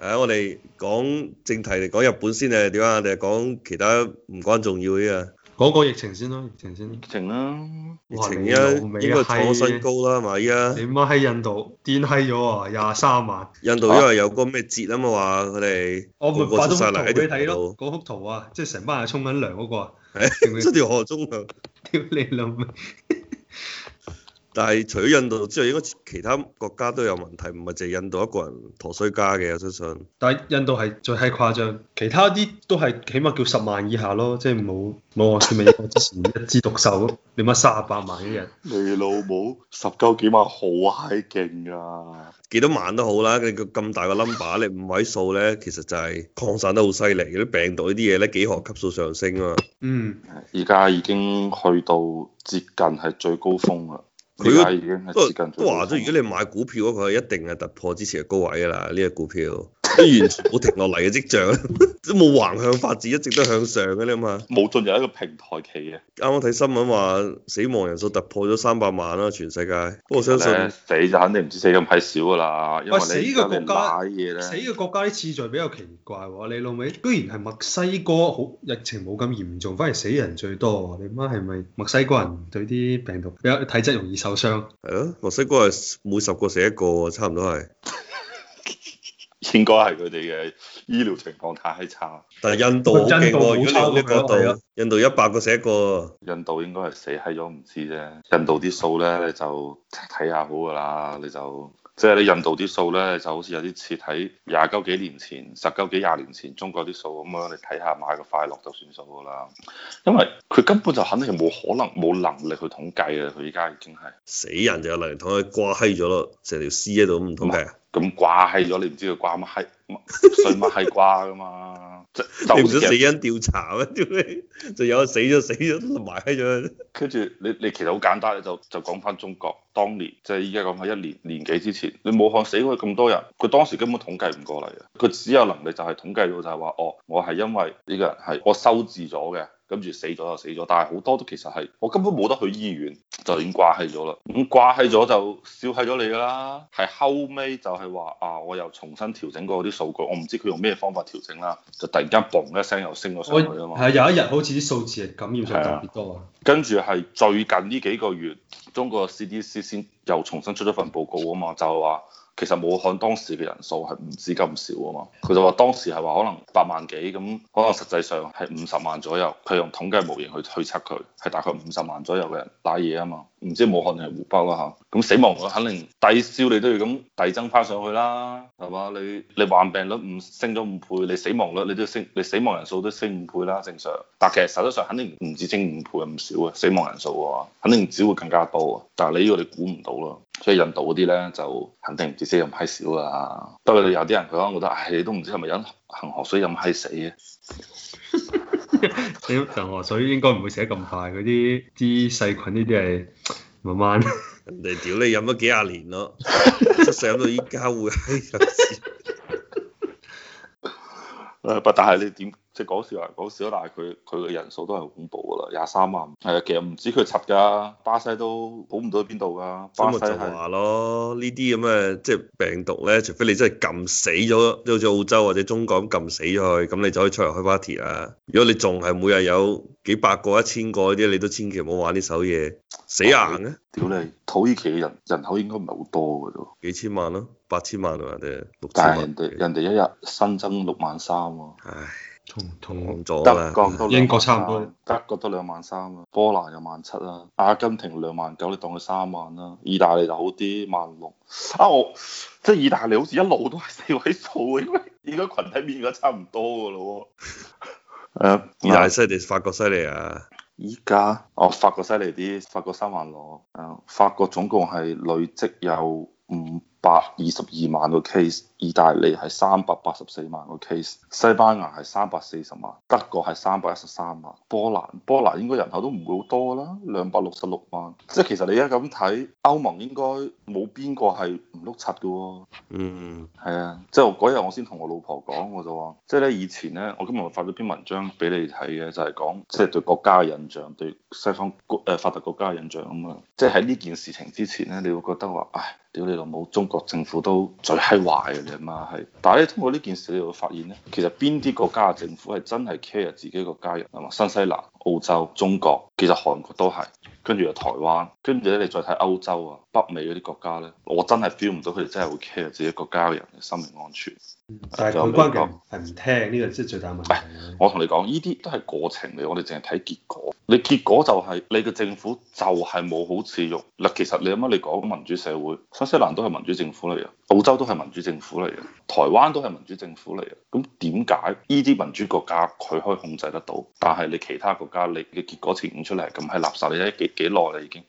係、啊、我哋講正題嚟講日本先啊，點啊？定係講其他唔關重要啲啊？講個疫情先咯，疫情先。疫情,哇疫情啊！疫情依家應該創新高啦，係咪家？你媽喺印度癲閪咗啊，廿三萬！印度因為有個咩節啊嘛，話佢哋我咪發咗張圖俾你睇咯，嗰幅、啊、圖啊，即係成班人沖緊涼嗰個啊，屌你老味！沒 但係除咗印度之外，應該其他國家都有問題，唔係淨係印度一個人陀衰家嘅。我相信。但係印度係最係誇張，其他啲都係起碼叫十萬以下咯，即係冇冇話似美國之前一枝獨秀咯。你乜卅八萬一日？你老母十九幾萬好閪勁啊！幾多萬都好啦，你咁大個 number，你五位數咧，其實就係擴散得好犀利。啲病毒呢啲嘢咧，幾何級數上升啊！嗯，而家已經去到接近係最高峰啦。佢都話咗，如果，如果你買股票的話，佢、這、係、個、一定係突破之前嘅高位㗎啦，呢隻股票。完全冇停落嚟嘅跡象， 都冇橫向發展，一直都向上嘅你咧嘛。冇進入一個平台期嘅。啱啱睇新聞話，死亡人數突破咗三百萬啦、啊，全世界。實不過我相信死就肯定唔止死咁閪少噶啦。因為，死嘅國家，死嘅國家啲次序比較奇怪喎、啊。你老味居然係墨西哥好疫情冇咁嚴重，反而死人最多。你媽係咪墨西哥人對啲病毒有體質容易受傷？係啊，墨西哥係每十個死一個，差唔多係。應該係佢哋嘅醫療情況太差。但係印度，印度一百個死一個，印度應該係死係咗唔知啫。印度啲數咧你就睇下好㗎啦。你就即係你、就是、你印度啲數咧就好似有啲似睇廿九幾年前、十九幾廿年前中國啲數咁樣，你睇下買個快樂就算數㗎啦。因為佢根本就肯定冇可能、冇能力去統計啊！佢依家已經係死人就有泥塘去掛閪咗咯，成條屍喺度都唔統計。咁掛閪咗，你唔知佢掛乜閪，衰乜閪掛噶嘛， 唔想死因調查咩？ 就有死咗死咗埋喺咗。跟住你你其實好簡單，你就就講翻中國當年，即係依家講翻一年年幾之前，你武漢死咗咁多人，佢當時根本統計唔過嚟嘅，佢只有能力就係統計到就係話，哦，我係因為呢個人係我收治咗嘅。跟住死咗就死咗，但係好多都其實係我根本冇得去醫院，就已經掛棄咗啦。咁掛棄咗就少係咗你噶啦。係後尾就係話啊，我又重新調整過啲數據，我唔知佢用咩方法調整啦，就突然間嘣一聲又升咗上去啊嘛。係有一日好似啲數字係感染上特別多。跟住係最近呢幾個月，中國 CDC 先又重新出咗份報告啊嘛，就係話。其實武漢當時嘅人數係唔止咁少啊嘛，佢就話當時係話可能八萬幾，咁可能實際上係五十萬左右，佢用統計模型去推測佢係大概五十萬左右嘅人打野啊嘛。唔知武漢定係湖北啦嚇，咁、啊、死亡率肯定遞少你都要咁遞增翻上去啦，係嘛？你你患病率唔升咗五倍，你死亡率你都升，你死亡人數都升五倍啦正常。但係其實實質上肯定唔止升五倍咁少嘅死亡人數喎，肯定只會更加多。但係你呢個你估唔到咯。所以印度嗰啲咧就肯定唔止升咁閪少噶，不過你有啲人佢可能覺得，唉、哎，你都唔知係咪飲恒河水飲閪死嘅。 你飲淡水應該唔會死得咁快，嗰啲啲細菌呢啲係慢慢。人哋屌你飲咗幾廿年咯，出世飲 到依家會。誒，不但係你點？即係講笑啊，講笑但係佢佢嘅人數都係好恐怖噶啦，廿三萬。係啊，其實唔止佢插㗎，巴西都好唔到去邊度㗎。今日就話咯，呢啲咁嘅即係病毒咧，除非你真係撳死咗，即好似澳洲或者中港撳死咗佢，咁你就可以出嚟開 party 啊。如果你仲係每日有幾百個、一千個嗰啲，你都千祈唔好玩呢手嘢，死硬嘅、啊。屌你，土耳其嘅人人口應該唔係好多㗎啫，幾千萬咯、啊，八千萬啊定六千萬、啊。係人哋幾人哋一日新增六萬三、啊、喎。唉。同同啦，德國都兩萬三，英國差唔多，德國都兩萬三啊，波蘭有萬七啊，阿根廷兩萬九，你當佢三萬啦，意大利就好啲萬六啊，我即係意大利好似一路都係四位數啊，應該應該羣體面應該差唔多噶咯喎。誒，意大利犀利，法國犀利啊！依家哦，法國犀利啲，法國三萬六啊，法國總共係累積有。五百二十二萬個 case，意大利係三百八十四萬個 case，西班牙係三百四十萬，德國係三百一十三萬，波蘭波蘭應該人口都唔會好多啦，兩百六十六萬。即係其實你而家咁睇，歐盟應該冇邊個係唔碌柒㗎喎。嗯，係啊，即係我嗰日我先同我老婆講，我就話，即係咧以前咧，我今日發咗篇文章俾你睇嘅，就係、是、講即係對國家嘅印象，對西方國誒發達國家嘅印象咁啊。即係喺呢件事情之前咧，你會覺得話，唉。屌你老母！中國政府都最閪壞嘅你阿媽係，但係咧通過呢件事你會發現咧，其實邊啲國家嘅政府係真係 care 自己個家人係嘛？新西蘭。澳洲、中國，其實韓國都係，跟住又台灣，跟住咧你再睇歐洲啊、北美嗰啲國家咧，我真係 feel 唔到佢哋真係會 care 自己國家嘅人嘅生命安全。但是就係唔關心，係唔聽呢個即係最大問題。哎、我同你講，呢啲都係過程嚟，我哋淨係睇結果。你結果就係、是、你嘅政府就係冇好治慾。嗱，其實你啱啱你講民主社會，新西蘭都係民主政府嚟嘅。澳洲都係民主政府嚟嘅，台灣都係民主政府嚟嘅。咁點解呢啲民主國家佢可以控制得到，但係你其他國家你嘅結果呈現出嚟係咁係垃圾？你睇幾幾耐啦已經，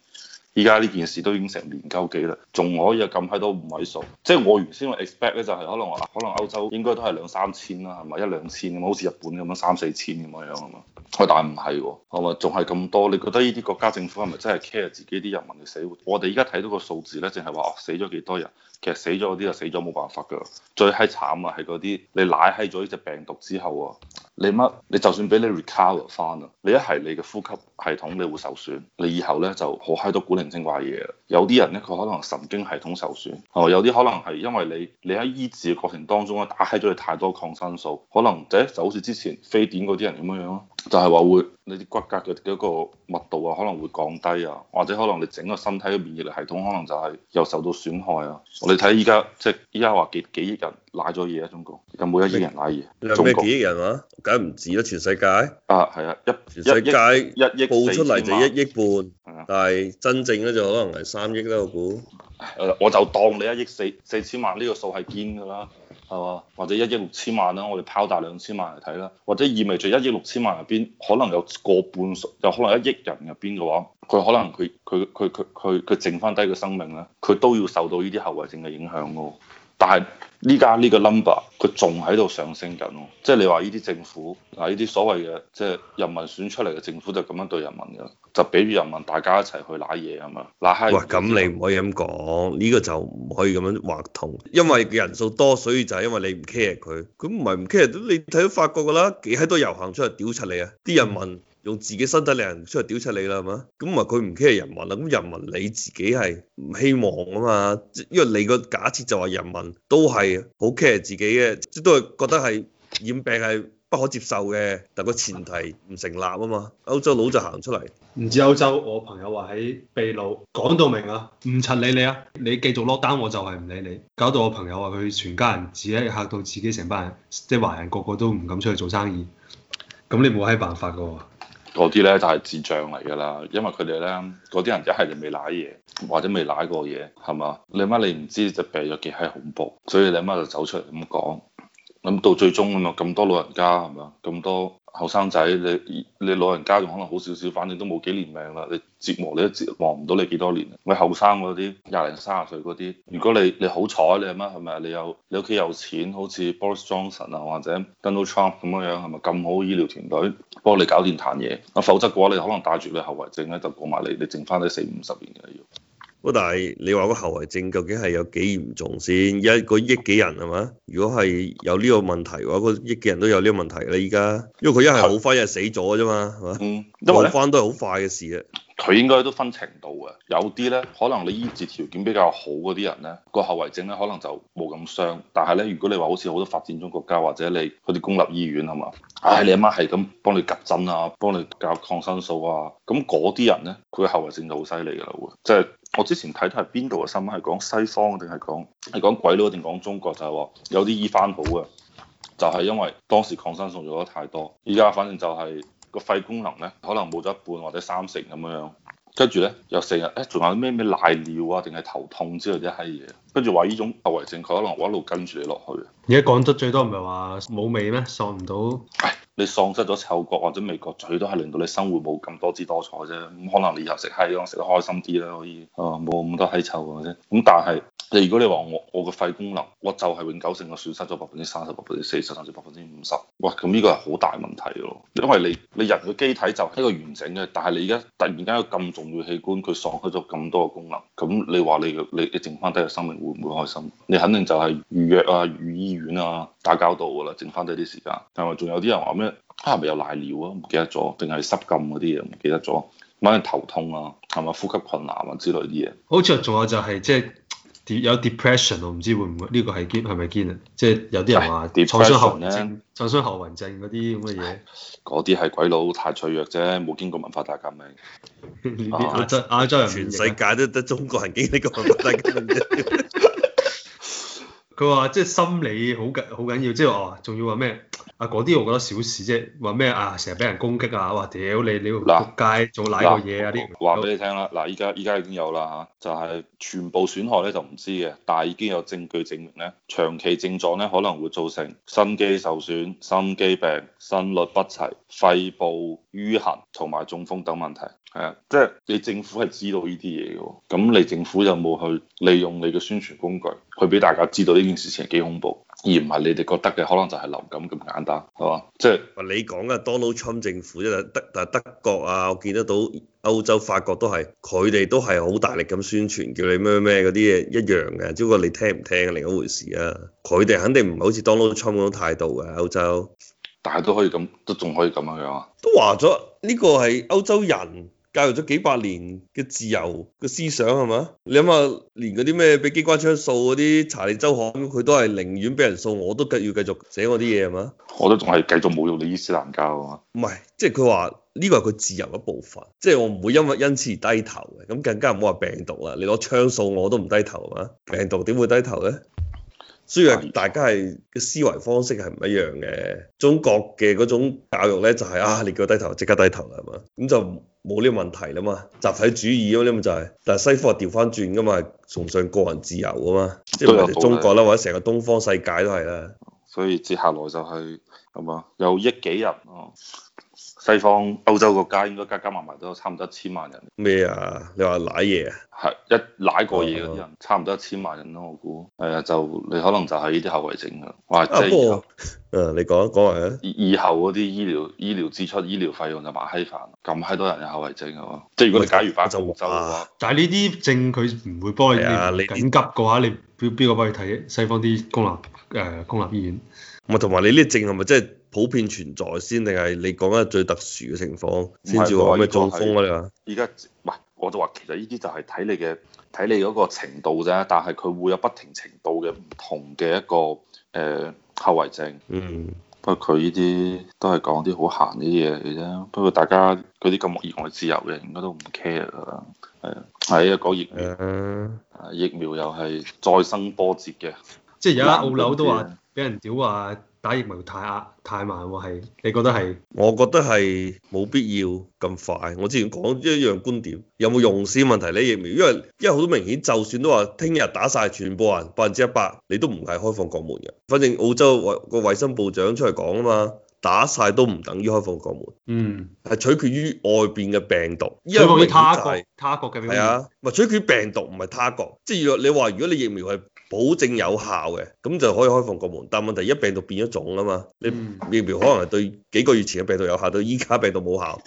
依家呢件事都已經成年鳩幾啦，仲可以有咁喺到五位數。即係我原先 expect 咧就係、是、可能話，可能歐洲應該都係兩三千啦，係咪一兩千咁好似日本咁樣三四千咁樣樣啊嘛。但係唔係喎，係咪仲係咁多？你覺得呢啲國家政府係咪真係 care 自己啲人民嘅死活？我哋而家睇到個數字咧，淨係話死咗幾多人？其實死咗嗰啲就死咗，冇辦法㗎。最閪慘啊，係嗰啲你攋閪咗呢隻病毒之後啊，你乜你就算俾你 recover 返啊，你一係你嘅呼吸系統你會受損，你以後咧就好閪多古靈精怪嘢。有啲人咧佢可能神經系統受損，哦，有啲可能係因為你你喺醫治嘅過程當中咧打閪咗你太多抗生素，可能即係就好似之前非典嗰啲人咁樣樣咯。就係話會你啲骨骼嘅嗰個密度啊，可能會降低啊，或者可能你整個身體嘅免疫力系統可能就係又受到損害啊。我哋睇依家即係依家話幾幾億人賴咗嘢啊，中國有冇一億人賴嘢？有咩麼國幾億人啊？梗唔止啊，全世界啊係啊，一全世界一億報出嚟就一億半，啊、但係真正咧就可能係三億啦、啊，我估、啊。我就當你一億四四千萬呢個數係堅㗎啦。係嘛？或者一億六千萬啦，我哋拋大兩千萬嚟睇啦，或者意味住一億六千萬入邊可能有過半數，有可能一億人入邊嘅話，佢可能佢佢佢佢佢佢剩翻低嘅生命咧，佢都要受到呢啲後遺症嘅影響噶喎。但係呢家呢個 number 佢仲喺度上升緊，即係你話呢啲政府嗱，呢啲所謂嘅即係人民選出嚟嘅政府就咁樣對人民㗎，就俾住人民大家一齊去揦嘢係嘛，嗱，閪。哇，咁你唔可以咁講，呢個就唔可以咁樣話同，因為人數多，所以就係因為你唔 care 佢，佢唔係唔 care，你睇到法國㗎啦，幾喺多遊行出嚟屌柒你啊，啲人民。嗯用自己身體嚟出嚟屌出你啦，係嘛？咁咪佢唔 care 人民啦，咁人民你自己係唔希望啊嘛？因為你個假設就話人民都係好 care 自己嘅，即都係覺得係染病係不可接受嘅，但個前提唔成立啊嘛。歐洲佬就行出嚟，唔止歐洲，我朋友話喺秘魯講到明啊，唔襯理你啊，你繼續落單我就係唔理你，搞到我朋友話佢全家人自己嚇到自己成班人，即、就是、華人個個都唔敢出去做生意，咁你冇閪辦法噶喎。嗰啲呢就係智障嚟㗎啦，因為佢哋呢嗰啲人一係就未舐嘢，或者未舐過嘢，係咪？你媽你唔知隻病咗幾閪恐怖，所以你媽就走出嚟咁講，咁到最終咁啊，咁多老人家係咪，咁多。後生仔，你你老人家仲可能好少少，反正都冇幾年命啦。你折磨你都折磨唔到你幾多年。你後生嗰啲廿零卅歲嗰啲，如果你你好彩，你係咩係咪你有你屋企有錢，好似 Boris Johnson 啊或者 Donald Trump 咁樣樣，係咪？咁好醫療團隊幫你搞掂彈嘢啊？否則嘅話，你可能帶住你後遺症咧就過埋嚟，你剩翻你，你剩四五十年嘅要。但係你話個後遺症究竟係有幾嚴重先？一個億幾人係嘛？如果係有呢個問題嘅話，那個億幾人都有呢個問題咧。依家因為佢一係好翻，一係死咗啫嘛，係嘛？嗯，好翻都係好快嘅事。佢應該都分程度嘅，有啲呢，可能你醫治條件比較好嗰啲人呢，個後遺症呢可能就冇咁傷。但係呢，如果你話好似好多發展中國家或者你嗰啲公立醫院係嘛，唉，你阿媽係咁幫你夾針啊，幫你搞抗生素啊，咁嗰啲人呢，佢嘅後遺症就好犀利㗎啦喎。即係我之前睇到係邊度嘅新聞，係講西方定係講係講鬼佬定講中國，就係話有啲醫翻好嘅，就係因為當時抗生素用得太多，依家反正就係。個肺功能咧，可能冇咗一半或者三成咁樣，跟住咧有成日，誒，仲有咩咩瀨尿啊，定係頭痛之類啲閪嘢，跟住話呢種後遺症，佢可能我一路跟住你落去。而家講得最多唔係話冇味咩，喪唔到。你喪失咗嗅覺或者味覺，最多係令到你生活冇咁多姿多彩啫。咁可能你以後食嘢嗰食得開心啲啦，可以。哦、啊，冇咁多閪臭嘅啫。咁但係你如果你話我我個肺功能，我就係永久性嘅損失咗百分之三十、百分之四十甚至百分之五十。哇，咁呢個係好大問題咯，因為你你人嘅機體就係一個完整嘅，但係你而家突然間有咁重要器官佢喪失咗咁多嘅功能，咁你話你你你剩翻低嘅生命會唔會開心？你肯定就係預約啊、預醫院啊、打交道噶啦，剩翻低啲時間。但係仲有啲人話咩？哈係咪有瀨尿啊？唔記得咗，定係失禁嗰啲嘢唔記得咗，或者頭痛啊，係咪呼吸困難啊之類啲嘢？好正、嗯，仲有就係即係。有 depression 我唔知會唔會呢個係堅，係咪堅啊？即係有啲人話創傷，後症、創傷後鬱症嗰啲咁嘅嘢。嗰啲係鬼佬太脆弱啫，冇經過文化大革命。亞洲、啊、亞洲人全世界都得中國人經歷過文化大革命。 佢話即係心理好緊好緊要，即係話仲要話咩啊？嗰啲我覺得小事啫，話咩啊？成日俾人攻擊啊！哇屌你你喎撲街做賴嘅嘢啊！啲話俾你聽啦，嗱依家依家已經有啦嚇，就係、是、全部損害咧就唔知嘅，但係已經有證據證明咧，長期症狀咧可能會造成心肌受損、心肌病、心律不齊、肺部淤痕同埋中風等問題。係啊，即係你政府係知道呢啲嘢嘅，咁你政府有冇去利用你嘅宣傳工具，去俾大家知道呢件事情係幾恐怖，而唔係你哋覺得嘅可能就係流感咁簡單，係嘛？即係，你講嘅 Donald Trump 政府，即係德啊德國啊，我見得到歐洲、法國都係，佢哋都係好大力咁宣傳，叫你咩咩嗰啲嘢一樣嘅，只不過你聽唔聽另一回事啊。佢哋肯定唔係好似 Donald Trump 嗰種態度嘅歐洲，但係都可以咁，都仲可以咁樣樣啊。都話咗呢個係歐洲人。教育咗幾百年嘅自由嘅思想係嘛？你諗下，連嗰啲咩俾機關槍掃嗰啲查理周刊，佢都係寧願俾人掃，我都繼要繼續寫我啲嘢係嘛？我都仲係繼續侮辱你伊斯蘭教啊嘛！唔係，即係佢話呢個係佢自由一部分，即係我唔會因為因此而低頭嘅。咁更加唔好話病毒啦，你攞槍掃我都唔低頭啊嘛！病毒點會低頭咧？所以大家係嘅思維方式係唔一樣嘅，中國嘅嗰種教育咧就係啊，你叫佢低頭即刻低頭啦，係嘛？咁就冇呢個問題啦嘛，集體主義嗰啲咪就係，但係西方係調翻轉噶嘛，崇尚個人自由啊嘛，即係我哋中國啦，或者成個東方世界都係啦。所以接下來就係係嘛，有億幾人。哦。西方歐洲國家應該加加埋埋都差唔多一千萬人。咩啊？你話瀨嘢啊？係，一瀨過嘢嗰啲人，差唔多一千萬人咯，我估。係啊，就你可能就係呢啲後遺症啊。後啊，不過，誒，你講講下咧。以以後嗰啲醫療醫療支出、醫療費用就麻閪煩。咁閪多人有後遺症係嘛？即係是如果你假如返澳洲嘅話，說說但係呢啲症佢唔會幫你、啊、你緊急嘅話，你邊邊個幫你睇？西方啲公立誒公立醫院。同埋你呢啲症係咪即係普遍存在先，定係你講緊最特殊嘅情況先至話咩中風啊？而家唔係，我就話其實呢啲就係睇你嘅睇你嗰個程度啫，但係佢會有不停程度嘅唔同嘅一個誒、呃、後遺症。嗯，不過佢呢啲都係講啲好閒啲嘢嘅啫。不過大家嗰啲咁意外自由嘅應該都唔 care 啦。係、呃、啊，係啊，講疫苗、呃、疫苗又係再生波折嘅，即係而家澳紐都話。俾人屌話打疫苗太壓太慢喎，係你覺得係？我覺得係冇必要咁快。我之前講一樣觀點，有冇用先問題你、這個、疫苗，因為因為好多明顯，就算都話聽日打晒，全部人百分之一百，你都唔係開放國門嘅。反正澳洲個衞生部長出嚟講啊嘛，打晒都唔等於開放國門。嗯，係取決於外邊嘅病毒，嗯、因為佢他國他國嘅病毒。係啊，咪取決病毒唔係他國，即係若你話如，如果你疫苗係。保證有效嘅，咁就可以開放國門。但問題一病毒變咗種啊嘛，你疫苗可能係對幾個月前嘅病毒有效，到依家病毒冇效，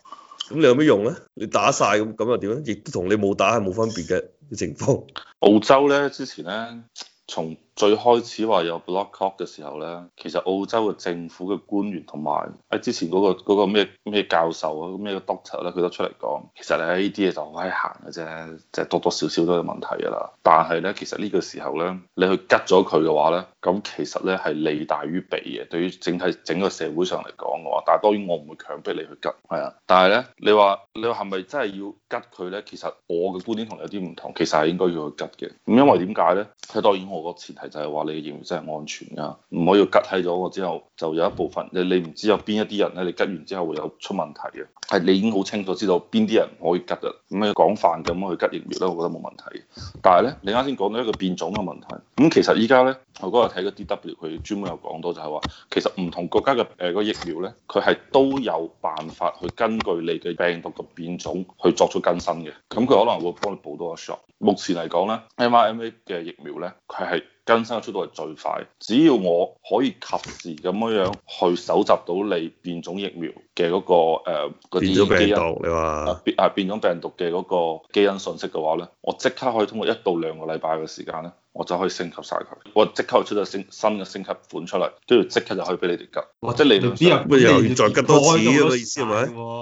咁你有咩用咧？你打晒咁咁又點咧？亦都同你冇打係冇分別嘅情況。澳洲咧之前咧從最開始話有 blood clot 嘅時候呢，其實澳洲嘅政府嘅官員同埋喺之前嗰、嗰個咩咩、嗰個、教授啊咩 doctor 咧，佢都出嚟講，其實喺呢啲嘢就好閪閒嘅啫，即係多多少少都有問題噶啦。但係呢，其實呢個時候呢，你去吉咗佢嘅話呢，咁其實呢係利大於弊嘅，對於整體整個社會上嚟講嘅話。但係當然我唔會強迫你去吉。係啊。但係呢，你話你話係咪真係要吉佢呢？其實我嘅觀點同你有啲唔同，其實係應該要去吉嘅。咁因為點解呢？佢當然我個前提。就係話你嘅疫苗真係安全㗎，唔可以要拮。喺咗我之後，就有一部分你你唔知有邊一啲人咧，你拮完之後會有出問題嘅。係你已經好清楚知道邊啲人唔可以拮啦，咁啊廣泛咁去拮疫苗咧，我覺得冇問題。但係咧，你啱先講到一個變種嘅問題。咁、嗯、其實依家咧，我嗰日睇個 D W 佢專門有講到就係話，其實唔同國家嘅誒、呃嗰個、疫苗咧，佢係都有辦法去根據你嘅病毒嘅變種去作出更新嘅。咁佢可能會幫你補多一 shot。目前嚟講咧，M R M A 嘅疫苗咧，佢係。更新嘅速度係最快，只要我可以及時咁樣樣去搜集到你變種疫苗嘅嗰個誒嗰啲病毒，因你話說 變係變種病毒嘅嗰個基因信息嘅話咧，我即刻可以通過一到兩個禮拜嘅時間咧，我就可以升級晒佢，我即刻就出咗新新嘅升級款出嚟，跟住即刻就可以俾你哋拮哇！即係你兩日唔係你現在拮到死意思係、啊、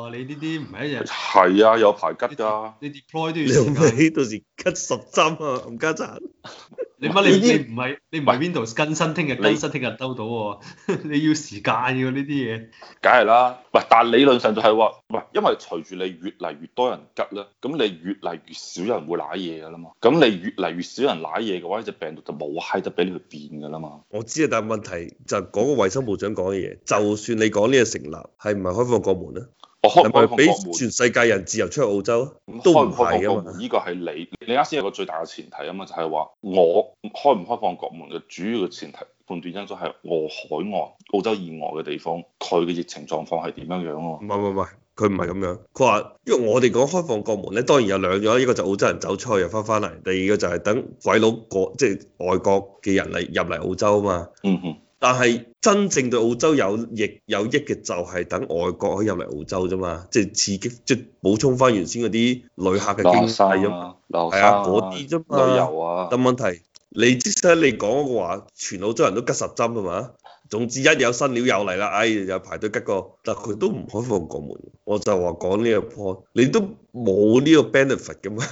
咪？你呢啲唔係一日係啊，有排拮㗎、啊。你 deploy 都要時間，到時拮十針啊，冚家鏟。你乜？你唔係你唔係 Windows 更新，聽日更新聽日收到喎、哦？你， 你要時間嘅呢啲嘢。梗係啦，喂！但係理論上就係、是、話，唔因為隨住你越嚟越多人急啦，咁你越嚟越少人會賴嘢噶啦嘛。咁你越嚟越少人賴嘢嘅話，呢、這、隻、個、病毒就冇閪得俾你去變噶啦嘛。我知啊，但係問題就係講個衛生部長講嘅嘢，就算你講呢個成立，係唔係開放國門咧？我開係咪俾全世界人自由出去澳洲？都唔係啊。呢依個係你你啱先有個最大嘅前提啊嘛，就係話我開唔開放國門嘅主要嘅前提判斷因素係我海外澳洲以外嘅地方佢嘅疫情狀況係點樣樣啊？唔係唔唔係，佢唔係咁樣。佢話因為我哋講開放國門咧，當然有兩樣，一個就澳洲人走出去又翻翻嚟，第二個就係等鬼佬過，即係外國嘅人嚟入嚟澳洲嘛。嗯哼。但係真正對澳洲有益有益嘅就係等外國可以入嚟澳洲啫嘛，即係刺激，即、就、係、是、補充翻原先嗰啲旅客嘅經濟咁，係啊啲啫嘛。有啊。啊啊啊但問題，你即使你講個話，全澳洲人都吉十針係嘛？總之一有新料又嚟啦，唉、哎、又排隊吉個，但佢都唔開放國門。我就話講呢個 point，你都冇呢個 benefit 嘅嘛。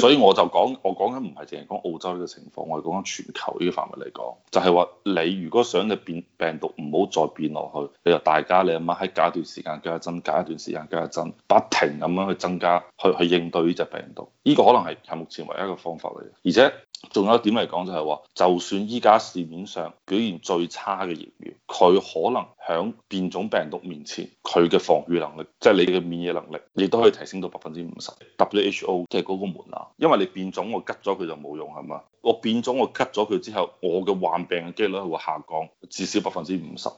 所以我就講，我講緊唔係淨係講澳洲呢個情況，我係講緊全球呢個範圍嚟講，就係話你如果想嘅變病毒唔好再變落去，你就大家你阿媽喺隔一段時間加一針，隔一段時間加一針，不停咁樣去增加，去去應對呢隻病毒，呢個可能係係目前唯一嘅方法嚟嘅，而且。仲有一點嚟講就係話，就算依家市面上表現最差嘅疫苗，佢可能喺變種病毒面前，佢嘅防禦能力，即係你嘅免疫能力，亦都可以提升到百分之五十。WHO 即係嗰個門檻，因為你變種我吉咗佢就冇用係嘛？我變種我吉咗佢之後，我嘅患病嘅機率係會下降至少百分之五十。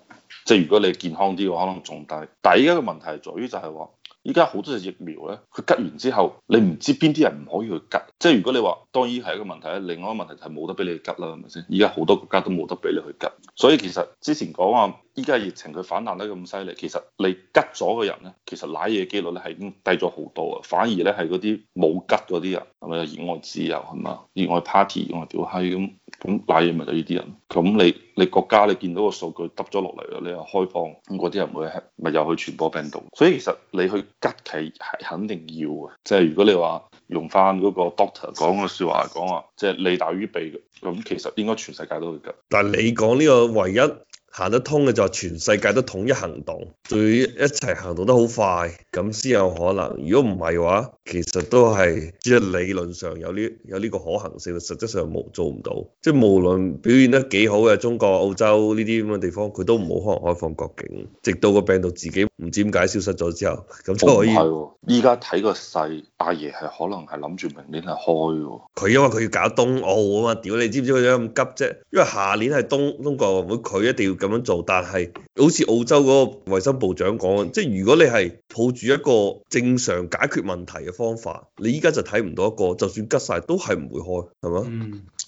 即係如果你健康啲嘅可能仲低。但係依家嘅問題在於就係話。依家好多隻疫苗咧，佢吉完之後，你唔知邊啲人唔可以去吉，即係如果你話當然係一個問題啦，另外一個問題就係冇得俾你吉啦，係咪先？依家好多國家都冇得俾你去吉，所以其實之前講話依家疫情佢反彈得咁犀利，其實你吉咗嘅人咧，其實瀨嘢幾率咧係已經低咗好多啊，反而咧係嗰啲冇吉嗰啲人，係咪啊？熱愛自由係嘛？熱愛 party 熱愛屌閪咁。咁乃嘢咪就呢啲人，咁你你國家你見到個數據揼咗落嚟啦，你又開放，咁嗰啲人會咪又去傳播病毒，所以其實你去吉棋係肯定要嘅。即係如果你話用翻嗰個 doctor 講嘅説話講話，即係利大於弊，咁其實應該全世界都係嘅。但係你講呢個唯一行得通嘅就係全世界都統一行動，仲要一齊行動得好快，咁先有可能。如果唔係嘅話，其實都係即係理論上有呢有呢個可行性，實質上冇做唔到。即係無論表現得幾好嘅中國、澳洲呢啲咁嘅地方，佢都冇可能開放國境，直到個病毒自己唔知點解消失咗之後，咁就可以。依家睇個勢，阿爺係可能係諗住明年係開。佢因為佢要搞冬奧啊嘛，屌、哦、你知唔知佢點咁急啫？因為下年係冬冬奧會，佢一定要咁樣做。但係好似澳洲嗰個衞生部長講，即係如果你係抱住一個正常解決問題方法，你依家就睇唔到一個，就算吉晒都係唔會開，係嘛？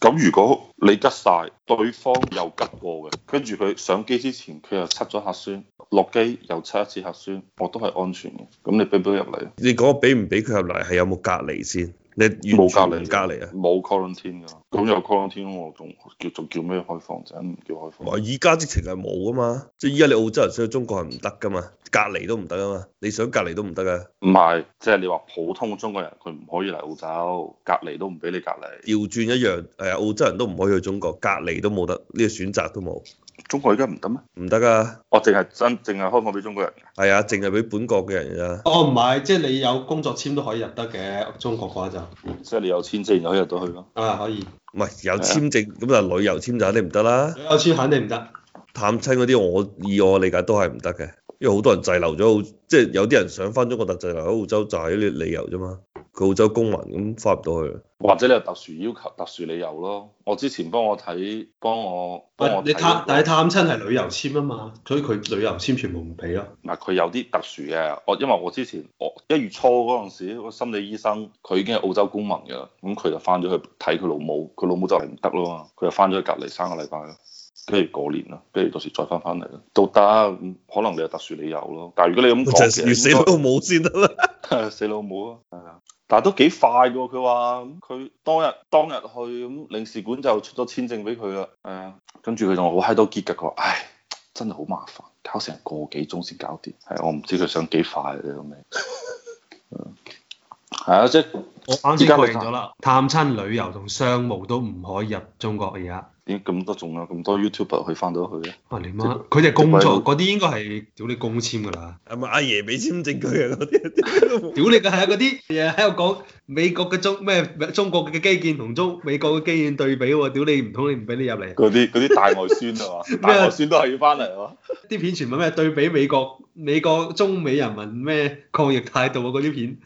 咁、嗯、如果你吉晒對方又吉過嘅，跟住佢上機之前佢又測咗核酸，落機又測一次核酸，我都係安全嘅。咁你俾唔俾入嚟？你講俾唔俾佢入嚟，係有冇隔離先？你冇隔離隔離啊？冇 quarantine 㗎，咁 quar、嗯、有 quarantine 我仲叫做叫咩開放啫？唔叫開放。依家直情係冇㗎嘛？即係依家你澳洲人想去中國係唔得㗎嘛？隔離都唔得㗎嘛？你想隔離都唔得㗎。唔係，即、就、係、是、你話普通中國人佢唔可以嚟澳洲，隔離都唔俾你隔離。調轉一樣，係澳洲人都唔可以去中國，隔離都冇得，呢、這個選擇都冇。中國而家唔得咩？唔得㗎！我淨係真淨係開放俾中國人。係啊，淨係俾本國嘅人咋。哦，唔係，即係你有工作簽都可以入得嘅。中國嘅話就、嗯、即係你有簽證就可以入到去咯、啊。啊，可以。唔係有簽證咁就、啊、旅遊簽就肯定唔得啦。旅遊簽肯定唔得。探親嗰啲我以我理解都係唔得嘅，因為好多人滯留咗澳，即、就、係、是、有啲人想翻中國，但係滯留喺澳洲就係呢啲理由啫嘛。澳洲公民咁翻唔到去，或者你有特殊要求、特殊理由咯。我之前幫我睇，幫我喂幫我，你探但係探親係旅遊簽啊嘛，所以佢旅遊簽全部唔俾啊。唔佢有啲特殊嘅，我因為我之前我一月初嗰陣時個心理醫生佢已經係澳洲公民㗎啦，咁佢就翻咗去睇佢老母，佢老母就嚟唔得咯，佢就翻咗去隔離三個禮拜咯，跟住過年咯，跟住到時再翻返嚟咯，都得。可能你有特殊理由咯，但係如果你咁講，即死老母先得啦，死老母啊，係啊。但係都幾快嘅喎，佢話佢當日當日去咁、嗯、領事館就出咗簽證俾佢啦，係啊，跟住佢仲好嗨多結㗎，佢話唉真係好麻煩，搞成個幾鐘先搞掂，係我唔知佢想幾快定咩，嗯，係啊，即係我啱先確認咗啦，探親旅遊同商務都唔可以入中國而家。點咁多種啊？咁多 YouTuber 可以翻到去啊？哇 你媽！佢哋工作嗰啲應該係屌你公簽噶啦，係阿爺俾簽證佢啊？嗰啲屌你噶係啊！嗰啲日日喺度講美國嘅中咩中國嘅基建同中美國嘅基建對比喎，屌、啊、你唔通，你唔俾你入嚟？嗰啲啲大外宣啊嘛， 大外宣都係要翻嚟，啊啲片全部咩對比美國美國中美人民咩抗疫態度啊嗰啲片。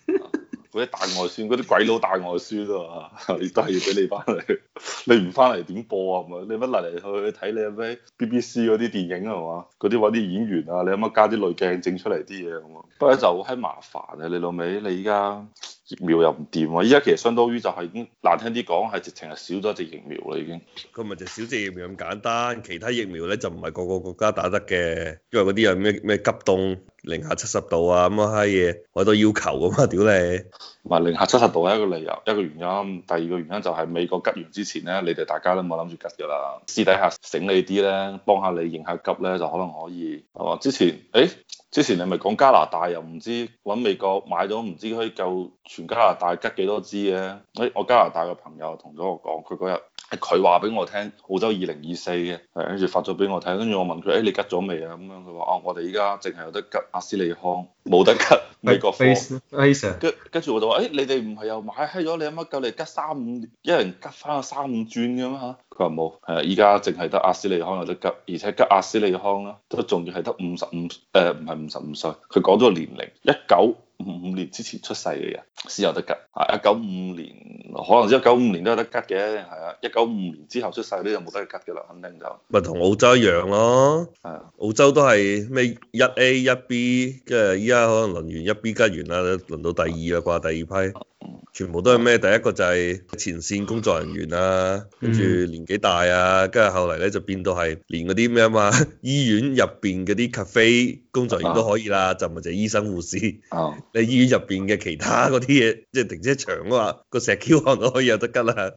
嗰啲大外宣，嗰啲鬼佬大外宣 啊，你都係要俾你翻嚟，你唔翻嚟點播啊？唔係你乜嚟嚟去去睇你咩 BBC 嗰啲電影係嘛？嗰啲揾啲演員啊，你諗下加啲濾鏡整出嚟啲嘢咁啊！不 過就係麻煩啊，你老味，你而家疫苗又唔掂啊！依家其實相當於就係已經難聽啲講係直情係少咗一隻疫苗啦已經。佢咪係就少隻疫苗咁簡單，其他疫苗咧就唔係個個國家打得嘅，因為嗰啲又咩咩急凍。零下七十度啊咁啊閪嘢，好多要求咁啊，屌你！唔係零下七十度係一個理由，一個原因。第二個原因就係美國拮完之前咧，你哋大家都冇諗住吉㗎啦。私底下醒你啲咧，幫下你應下急咧，就可能可以係嘛？之前，誒、欸，之前你咪講加拿大又唔知揾美國買咗唔知可以夠全加拿大吉幾多支嘅？誒，我加拿大嘅朋友同咗我講，佢嗰日。佢話俾我聽澳洲二零二四嘅，係跟住發咗俾我睇，跟住我問佢誒、哎、你吉咗未啊？咁樣佢話啊，我哋依家淨係有得吉阿斯利康，冇得吉美國。Face 跟跟住我就話誒、哎、你哋唔係又買咗你阿乜鳩你吉三五，一人吉翻個三五轉嘅咩嚇？佢話冇，誒依家淨係得阿斯利康有得吉，而且吉阿斯利康啦，都仲要係得五十五誒唔係五十五歲，佢講咗個年齡一九。五年之前出世嘅人先有得吉，係一九五年，可能一九五年都有得吉嘅。係啊，一九五年之後出世啲就冇得嘅吉嘅啦，肯定就咪同澳洲一樣咯，係啊澳洲都係咩一 A 一 B，即係依家可能輪完一 B 吉完啦，輪到第二啦啩，的第二批。全部都係咩？第一個就係前線工作人員啊，跟住、嗯、年紀大啊，跟住後嚟咧就變到係連嗰啲咩啊嘛，醫院入邊嗰啲 cafe 工作人員都可以啦，啊、就唔係就醫生護士。哦、啊，你醫院入邊嘅其他嗰啲嘢，即係停車場啊嘛，個石 Q 可能可以有得吉啦。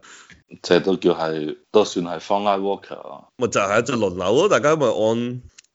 即係都叫係都算係 frontline worker 啊。咪就係一度輪流咯、啊，大家咪按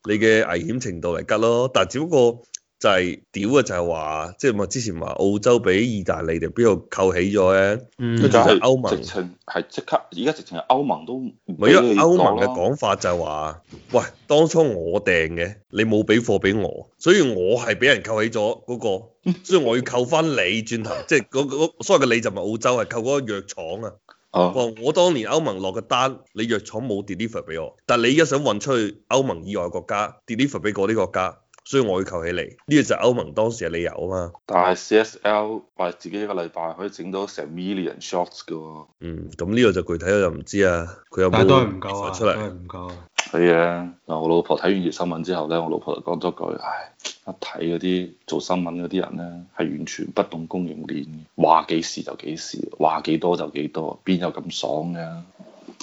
你嘅危險程度嚟吉咯。但係只不過。就係屌啊！就係話，即係咪之前話澳洲俾意大利定邊度扣起咗咧？嗯，就係歐盟直情係即刻，而家直情係歐盟都唔係，因為歐盟嘅講法就係話：喂，當初我訂嘅，你冇俾貨俾我，所以我係俾人扣起咗嗰個，所以我要扣翻你轉頭，即係嗰所謂嘅你就咪澳洲，係扣嗰個藥廠啊。哦，話我當年歐盟落嘅單，你藥廠冇 deliver 俾我，但係你而家想運出去歐盟以外國家 deliver 俾嗰啲國家。所以我要求起嚟，呢個就歐盟當時嘅理由啊嘛。但係 CSL 話自己一個禮拜可以整到成 million shots 嘅喎、哦。嗯，咁呢個就具體我就唔知啊。佢有冇出嚟？都係唔夠。係啊，嗱、啊啊，我老婆睇完熱新聞之後咧，我老婆就講咗句，唉，一睇嗰啲做新聞嗰啲人咧，係完全不懂供應鏈，話幾時就幾時，話幾多就幾多，邊有咁爽嘅？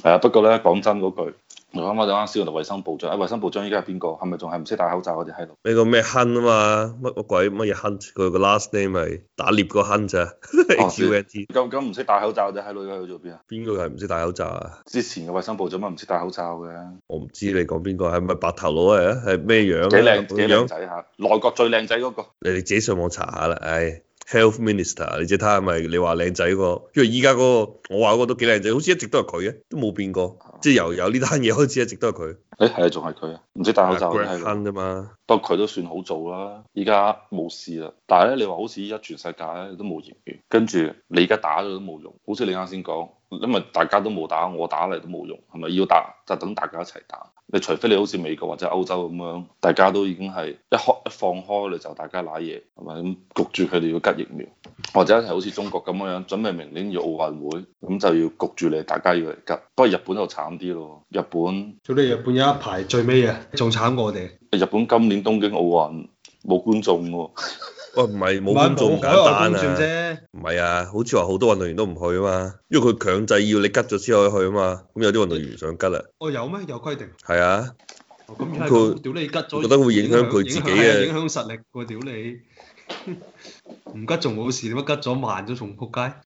係啊，不過咧講真嗰句。我哋啱先嗰度，衞生部長，衞、哎、生部長依家係邊個？係咪仲係唔識戴口罩嗰啲喺度？咩個咩亨啊嘛？乜乜鬼乜嘢亨？佢個 last name 係打獵個亨咋？H U N T。咁咁唔識戴口罩者喺度，喺度做邊啊？邊個係唔識戴口罩啊？Unt，罩啊之前嘅衞生部長乜唔識戴口罩嘅、啊？嗯、我唔知你講邊個，係咪白頭佬嚟啊？係咩樣啊？幾靚仔嚇，內閣最靚仔嗰個。你哋自己上網查下啦，唉、哎、，Health Minister，你自睇下咪你話靚仔個？因為依家嗰個，我話嗰個都幾靚仔，好似一直都係佢嘅，都冇變過。即係由有呢單嘢開始，柔柔一直都係佢。誒係啊，仲係佢，唔知戴口罩定係乜。不過佢都算好做啦，依家冇事啦。但係咧，你話好似依家全世界咧都冇業餘，跟住你而家打咗都冇用。好似你啱先講。因為大家都冇打，我打嚟都冇用，係咪？要打就等大家一齊打。你除非你好似美國或者歐洲咁樣，大家都已經係一開一放開，你就大家瀨嘢，係咪？咁焗住佢哋要吉疫苗，或者係好似中國咁樣，準備明年要奧運會，咁就要焗住你大家要嚟吉。不過日本就慘啲咯，日本，咁你日本有一排最尾啊，仲慘過我哋。日本今年東京奧運冇觀眾喎。 喂，唔係冇咁做，唔係簡單啊！唔係啊，好似話好多運動員都唔去啊嘛，因為佢強制要你吉咗先可以去啊嘛，咁有啲運動員想吉啦。哦，有咩有規定？係啊。咁佢屌你吉咗，覺得會影響佢自己嘅，影響，影響實力喎、啊、屌你！唔吉仲冇事，你乜吉咗慢咗仲仆街？